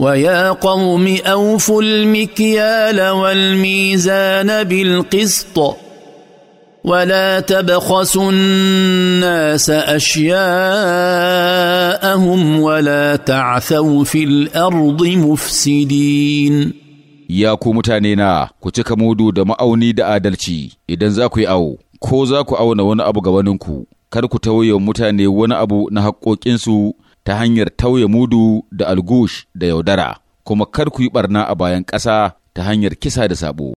ويا قوم اوفوا المكيال والميزان بالقسط ولا تبخسوا الناس اشياءهم ولا تعثوا في الارض مفسدين ya ku mutane na ku cika mudu da ma'auni da adalci idan za ku yi awo ko za ku auna wani abu ga gabaninku kar ku tauye mutane wani abu na haƙoƙinsu ta hanyar tauye mudu da algush da yaudara, kuma kar ku yi ɓarna a bayan ƙasa ta hanyar kisa da sabo.